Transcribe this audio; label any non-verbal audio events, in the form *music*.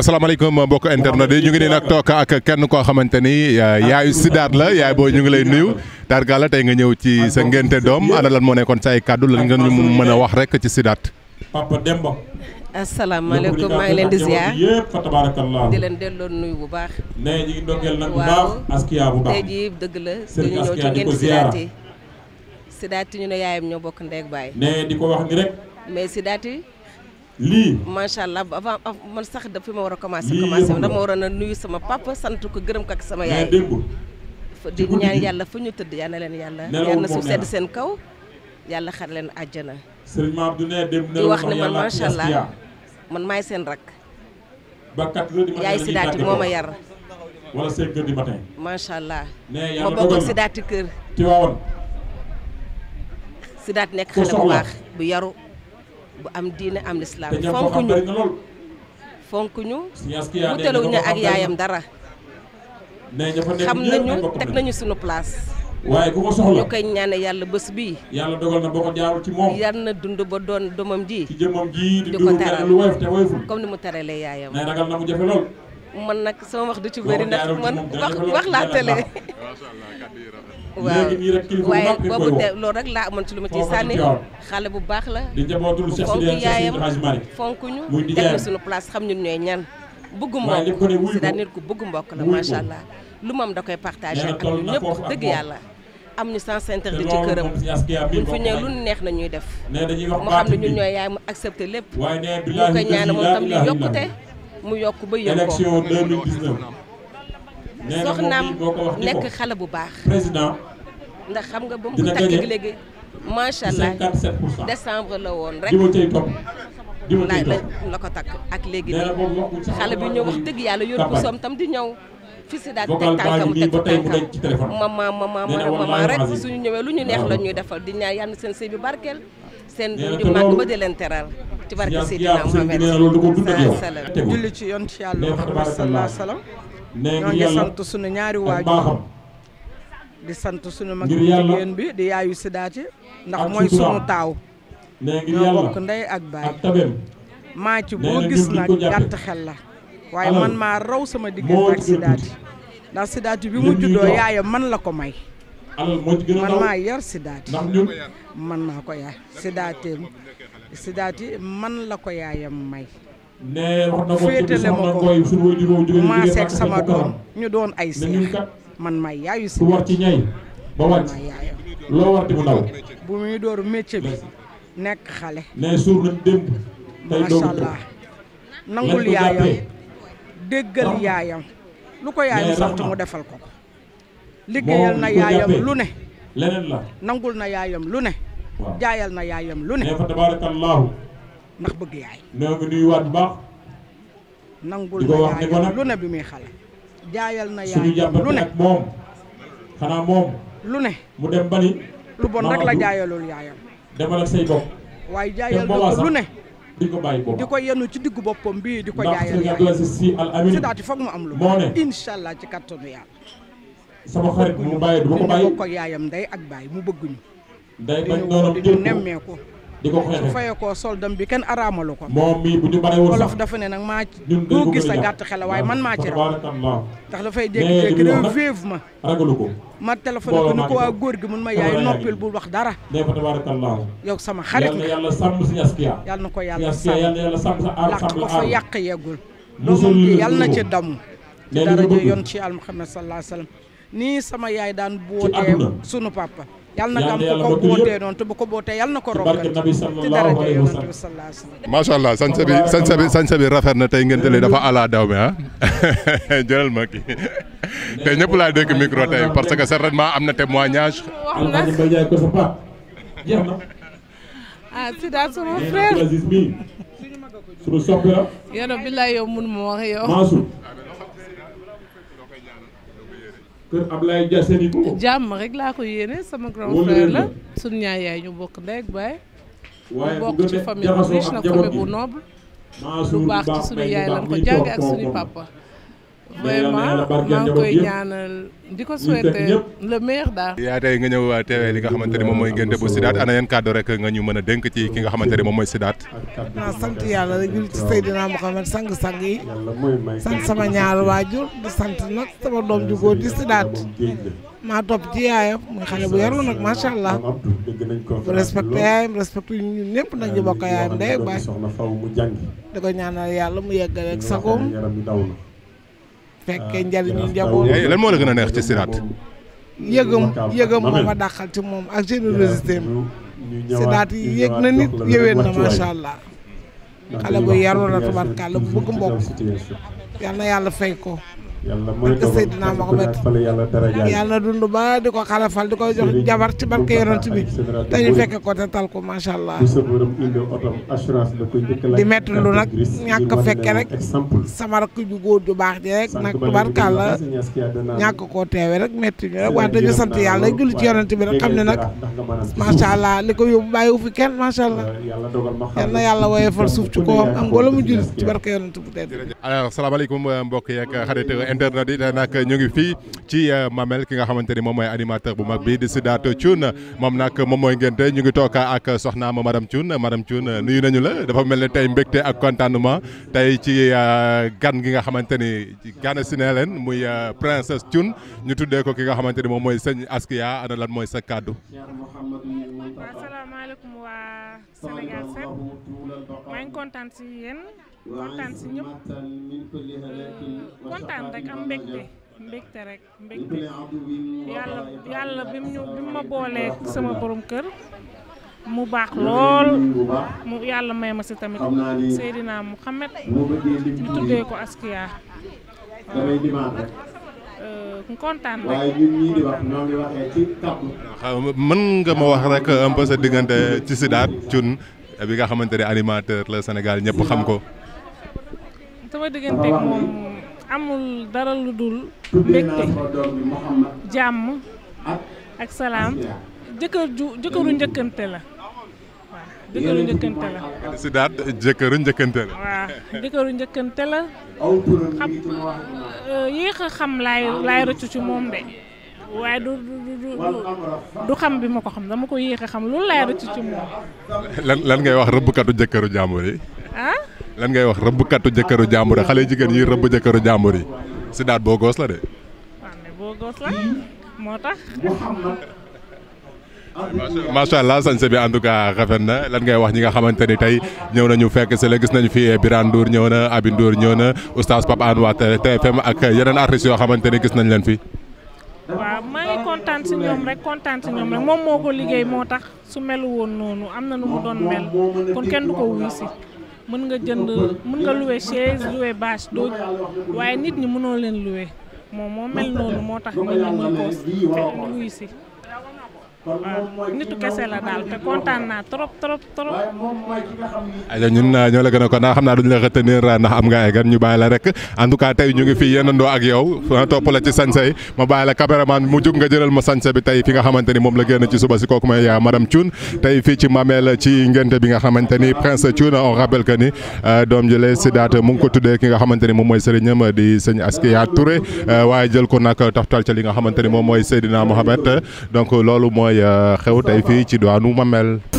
asalaamaaleykum mbokk internet yi ñu ngi nii nag toog ak kenn koo xamante ni yaayu Sidath la yaay booy ñu ngi lay nuyu darga la tey nga ñëw ci sa ngénte doom ana lan moo nekkoon sa ay kàddu la nga ñu mën a wax rek ci Sidath. Papa Demba. asalaamaaleykum maa ngi leen di ziar yëpp leen delloo nuyu bu baax. ne ñu ngi doggeel nag bu baax askiya la dañu ñëw ci ngénte Sidath yi Sidath ñu ne yaayam ñoo bokk ndeeg baay. ne di ko wax ni rek. mais Sidath lii macha allah avant man sax da fi ma war a commencé commencé dama waroon a nuyu sama papa sant ko gërëm ko ak sama yaay di ñaan yàlla fu ñu tëdd yal leen yàlla yal na sedd seen kaw yàlla xar leen àjjana sëriñ Maam Abdou wax ne man macha maay seen rak ba quatre heures du matin yaay si daati moo ma yar wala cinq heures du matin si daati kër Tiwaawan si daat nekk xale bu baax bu yaru bu am diine am lislaam fonk ñu fonk ñu wutaluñu ñu ak yaayam dara xam nañu teg nañu suñu place waaye ku ko soxla ñu koy ñaane yàlla bés bi yàlla dogal na boo ko jaarul ci moom yàlla dund ba doon doomam ji ci jëmmam ji di ko teral lu woyof comme ni mu teralee yaayam mais ragal na mu jafe lool man nag sama wax du ci bëri ndax man wax wax laa tële *laughs* waaw waaye boobu de loolu rek laa amoon ci lu ma ciy sànni xale bu baax la bu fonk yaayam fonkuñu dem suñu place xam ñun ñooy ñan bëgg mbokk si daal nit ku bëgg mbokk la macha allah lu moom da koy partagé ak ñun ñëpp dëgg yàlla am ñu sens interdit ci këram buñ fi ñëw lu neex na ñuy def mu xam ne ñun ñooy yaay mu accepté lépp mu ko ñaan moom tam li yokkute mu yokk ba yëg ko élection 2019. nee soxnaam nekk xale bu baax. président ndax xam nga ba mu takk léegi macha allah décembre la woon rek. la la ko takk ak léegi nii xale bi ñëw wax dëgg yàlla yor ko soom tam di ñëw. fii si daal teg tànkam teg tànkam mama mama mama rek suñu ñëwee lu ñu neex la ñuy defal di ñaan yàlla seen sëy bi barkeel. seen du màgg ba di leen teral ci barke Seydina Muhammad ci yàlla Muhammad sallallahu alayhi wa ñoo ngi sant sunu ñaari waajur di sant sunu mag jigéen bi di yaayu sidaati ndax mooy sunu taaw ñoo bokk ndey ak baay maa ci boo gis nag gàtt xel la waaye man maa raw sama diggante ak sidaati ndax sidaati bi mu juddoo yaayam man la ko may man maa yar sidaati man maa ko yar sidaateem sidaati man la ko yaayam may. ne féetale ma ko maaseeg sama doom ñu doon ay seex man may yaayu si. war ci ñay ba wàcc loo war di mu ndaw. bu muy door métier bi nekk xale. ne suur nañ démb. tey nangul yaayam déggal ah. yaayam lu ko yaayam sant mu defal ko ko. liggéeyal na yaayam lu ne. nangul na yaayam lu ne. jaayal na yaayam lu ne. nee fa tabaarakallaahu. ndax bëgg yaay. nee nga nuyuwaat bu baax. nangul na lu ne bi muy xale. jaayal na yaayam lu ne moom. xanaa moom. lu ne. mu dem bani lu bon rek la jaayalul yaayam. demal ak say bopp. waaye jaayal na ko lu ne. di ko bàyyi boppam di ko yenu ci diggu boppam bii di ko. jaayal yaayam si daati foog mu am lu. moo ne incha ci kattanu yàlla. sama xarit mu bàyyi du ma ko bàyyi bokk ak yaayam ndey ak bàyyi mu bëgguñu day bañ noonu ko soldam bi kenn araamalu ko moom dafa ne nag maa ku gis a gàtt xel waaye man maa ci raw ndax dafay dégg-dégg réew vive ma ragalu ko ma téléphone ni ko waa góor gi mun ma yaay noppil bul wax dara yow sama xarit nga yàlla sàmm si askiya yàlla na ko yàlla sàmm yàlla sàmm làq ko fa yàq yeggul loolu gi yàlla na ci damm ci dara jo yoon ci al Muhammad sallallahu alayhi nii sama yaay daan bootee sunu papa yal na gàmm ko ko bootee noonu te bu ko bootee yal na ko rokkati ci daraja yonent bi sallallahu alayhi allah sañse bi sañse bi sañse bi rafet na tey ngeen tëlee dafa ala daw mi ah *laughs* jëlal ma kii te ñëpp laa dégg micro tey parce que certainement am na témoignage ah, si daal sama frère. yoro billaay yow mun ma wax yow. kër Ablaye Dia jàmm rek laa ko yéene sama grand frère la suñu ñaay yaay ñu bokk ndey ak baay waaye bokk ci famille bu riche na famille bu noble lu baax ci suñu yaay lan ko jànge ak suñu papa vraiment maa ngi koy ñaanal di ko souhaiter le meilleur daal. yaa tey nga ñëw teewee li nga xamante ne moom mooy ngénte bu Sidath ana yan kàddu rek nga ñu mën a dénk ci ki nga xamante ne moom mooy Sidath. ah sant yàlla rek jul ci Seydina Mouhamed sang-sang yi sant sama ñaar waajur di sant nag sama doom ju góor di Sidath maa topp ci yaayam muy xale bu yaru nag macha allah bu respecté yaayam respecté ñun ñëpp nag ñu bokk yaayam day baay di ko ñaanal yàlla mu yeggal ak sagoom fekkee ah, njariñu njaboot eh, lan moo la gën a neex ci siraat yëgam yëgam moo ma dàqal ci moom ak générosité mi siraat yi yëg na nit yëween na macha allah xale bu yaru la bu bëgg mbokk yal na yàlla fay ko yàlla mooy dogal Seydina Mohamed yàlla dund ba di ko xalafal di ko jox jabar ci barke yonent bi te ñu fekk ko te tal ko macha allah. di métti lu nag ñàkk fekke rek sama rakk ju góor ju baax ji rek nag tubarkàlla ñàkk koo teewe rek métti ñu rek wax dañu sant yàlla julli ci yonent bi rek xam ne nag macha allah li ko yóbbu bàyyiwu fi kenn macha allah yal na yàlla suuf ci kawam am wala julli ci barke yonent bu tedd. alors salaamaaleykum mbokk yeeg xarit internet yi tey ñu ngi fii ci euh, Mamel ki nga xamante ni moom mooy animateur bu mag bi di Sidath Thioune moom nag moom mooy ngénte ñu ngi toog ak soxna soxnaam madame Thioune madame Thioune nuyu nañu la dafa mel ne tey mbégte ak contentement tey ci euh, gan gi nga xamante ni gana si ne leen muy euh, princesse Thioune ñu tuddee ko ki nga xamante ni moom mooy sëñ Askia ana lan mooy sa kàddu. asalaamaaleykum waa Sénégal maa ngi kontaan si yéen kontaan si ñëpp kontaan rek am mbégte mbégte rek mbégte yàlla yàlla bi mu ñu bi ma boolee sama borom kër mu baax lool mu yàlla may ma si tamit Seydina Mouhamed ñu tuddee ko Askia kontaan waaye ñun ñii mën nga ma wax rek un sa diggante ci Sidaat Thioune bi nga xamante ne animateur la Sénégal ñëpp xam ko. sama digganteeg moom amul dara lu dul mbégte jàmm ak salaam jëkkër ju jëkkëru njëkkante la. jëkkëru njëkkante la. si jëkkëru njëkkante la. xam euh, yéex a xam laay laay rëccu ci moom de waaye du du du du xam bi ma ko xam dama ko yéex a xam loolu laay rëccu ci moom. lan lan ngay wax rëbbkatu jëkkëru jàmbur yi. Ah? lan ngay wax rëbbkatu jëkkëru jàmbur yi xale jigéen yi rëbb jëkkëru jàmbur yi si boo goos la de. waaw mais boo goos la moo tax. macha allah sañse bi en tout cas na lan ngay wax ñi nga xamante ni tey ñëw nañu fekk si la gis nañu fi Birane Ndour ñëw na Abi ñëw na oustaz Pape Hann waa TFM ak yeneen artistes yoo xamante ni gis nañ leen fi. waaw maa ngi kontaan si ñoom rek kontaan si ñoom rek moom moo ko liggéey moo tax su melu woon noonu am na nu mu doon mel kon kenn du ko wuy si mën nga jënd mën nga louer chaise louer bâche doo waaye nit ñi mënoo leen louer moom moo mel noonu nitu kese la daal te kontaan naa trop trop trop. aywa ñun a ko naa xam naa la retenir ndax ñu bàyyi la rek en tout cas tey ñu ngi fi yéenandoo ak yow ah, topp ci sañse ma bàyyi la caméraman mu jóg nga jëlal xamante ni moom la génn ci suba si kooku may madame Thioune tey fii ci Mamel bi nga xamante ni prince Thioune on rappelle que ni ah, doom ko tuddee ki nga xamante ni moom mooy sëriñam di sëñ Askia Touré ah, waaye jël ko li nga xamante ni moom mooy Seydina Mohamed donc loolu mooy xew tey fii ci diwaanu Mamel